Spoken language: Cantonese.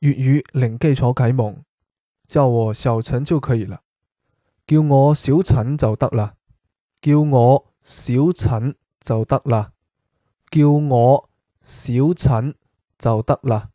粵語零基礎啟蒙，叫我小陳就可以了，叫我小陳就得喇，叫我小陳就得喇，叫我小陳就得喇。